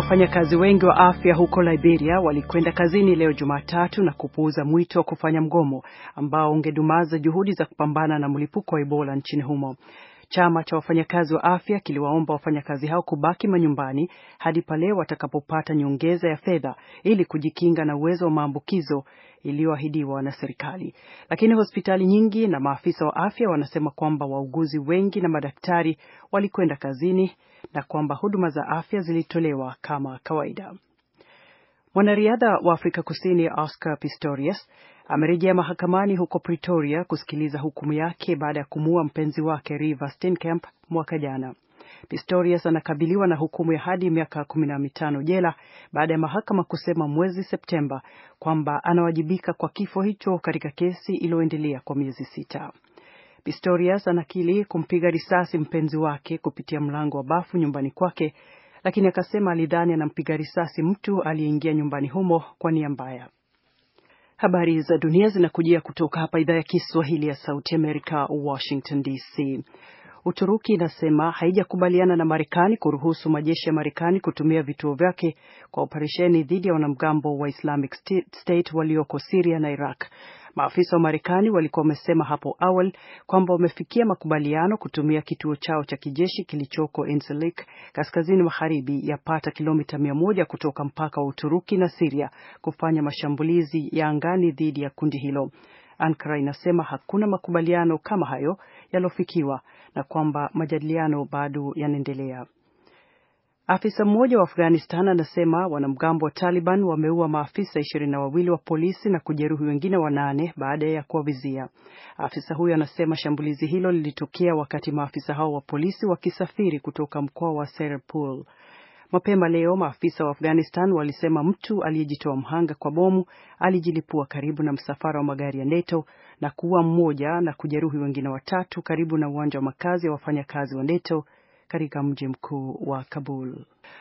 Wafanyakazi wengi wa afya huko Liberia walikwenda kazini leo Jumatatu na kupuuza mwito wa kufanya mgomo ambao ungedumaza juhudi za kupambana na mlipuko wa Ebola nchini humo. Chama cha wafanyakazi wa afya kiliwaomba wafanyakazi hao kubaki manyumbani hadi pale watakapopata nyongeza ya fedha ili kujikinga na uwezo wa maambukizo iliyoahidiwa na serikali. Lakini hospitali nyingi na maafisa wa afya wanasema kwamba wauguzi wengi na madaktari walikwenda kazini na kwamba huduma za afya zilitolewa kama kawaida. Mwanariadha wa Afrika Kusini Oscar Pistorius amerejea mahakamani huko Pretoria kusikiliza hukumu yake baada ya kumuua mpenzi wake Reeva Steenkamp mwaka jana. Pistorius anakabiliwa na hukumu ya hadi miaka kumi na mitano jela baada ya mahakama kusema mwezi Septemba kwamba anawajibika kwa kifo hicho katika kesi iliyoendelea kwa miezi sita. Pistorius anakili kumpiga risasi mpenzi wake kupitia mlango wa bafu nyumbani kwake, lakini akasema alidhani anampiga risasi mtu aliyeingia nyumbani humo kwa nia mbaya. Habari za dunia zinakujia kutoka hapa idhaa ya Kiswahili ya Sauti Amerika, Washington DC. Uturuki inasema haijakubaliana na Marekani kuruhusu majeshi ya Marekani kutumia vituo vyake kwa operesheni dhidi ya wanamgambo wa Islamic State walioko Syria na Iraq. Maafisa wa Marekani walikuwa wamesema hapo awali kwamba wamefikia makubaliano kutumia kituo chao cha kijeshi kilichoko Incirlik, kaskazini magharibi ya pata kilomita 100 kutoka mpaka wa Uturuki na Siria kufanya mashambulizi ya angani dhidi ya kundi hilo. Ankara inasema hakuna makubaliano kama hayo yaliyofikiwa na kwamba majadiliano bado yanaendelea. Afisa mmoja wa Afghanistan anasema wanamgambo wa Taliban wameua maafisa ishirini na wawili wa polisi na kujeruhi wengine wanane baada ya kuwavizia. Afisa huyo anasema shambulizi hilo lilitokea wakati maafisa hao wa polisi wakisafiri kutoka mkoa wa Serpol. Mapema leo maafisa wa Afghanistan walisema mtu aliyejitoa mhanga kwa bomu alijilipua karibu na msafara wa magari ya NATO na kuua mmoja na kujeruhi wengine watatu karibu na uwanja wa makazi ya wafanyakazi wa NATO katika mji mkuu wa Kabul.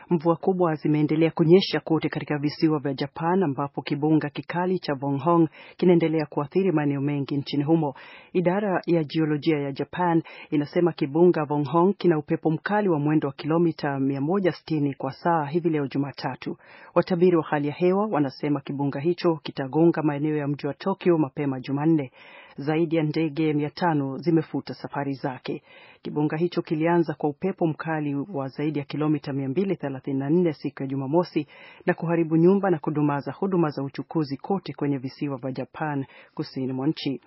Mvua kubwa zimeendelea kunyesha kote katika visiwa vya Japan ambapo kibunga kikali cha Bonghong kinaendelea kuathiri maeneo mengi nchini humo. Idara ya jiolojia ya Japan inasema kibunga Bonghong kina upepo mkali wa mwendo wa kilomita 160 kwa saa hivi leo Jumatatu. Watabiri wa hali ya hewa wanasema kibunga hicho kitagonga maeneo ya mji wa Tokyo mapema Jumanne zaidi ya ndege mia tano zimefuta safari zake. kibunga hicho kilianza kwa upepo mkali wa zaidi ya kilomita 234 siku ya Jumamosi na kuharibu nyumba na kudumaza huduma za uchukuzi kote kwenye visiwa vya Japan kusini mwa nchi.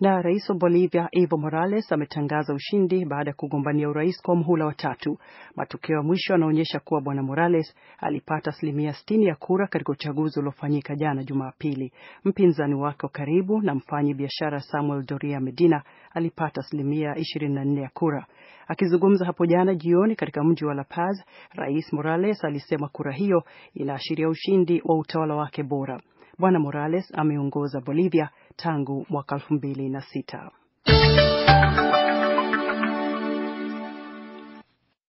Na rais wa Bolivia Evo Morales ametangaza ushindi baada ya kugombania urais kwa mhula wa tatu. Matokeo ya mwisho yanaonyesha kuwa bwana Morales alipata asilimia 60 ya kura katika uchaguzi uliofanyika jana Jumapili. Mpinzani wake wa karibu na mfanyi biashara Samuel Doria Medina alipata asilimia 24 ya kura. Akizungumza hapo jana jioni katika mji wa La Paz, rais Morales alisema kura hiyo inaashiria ushindi wa utawala wake bora. Bwana Morales ameongoza Bolivia tangu mwaka 2006.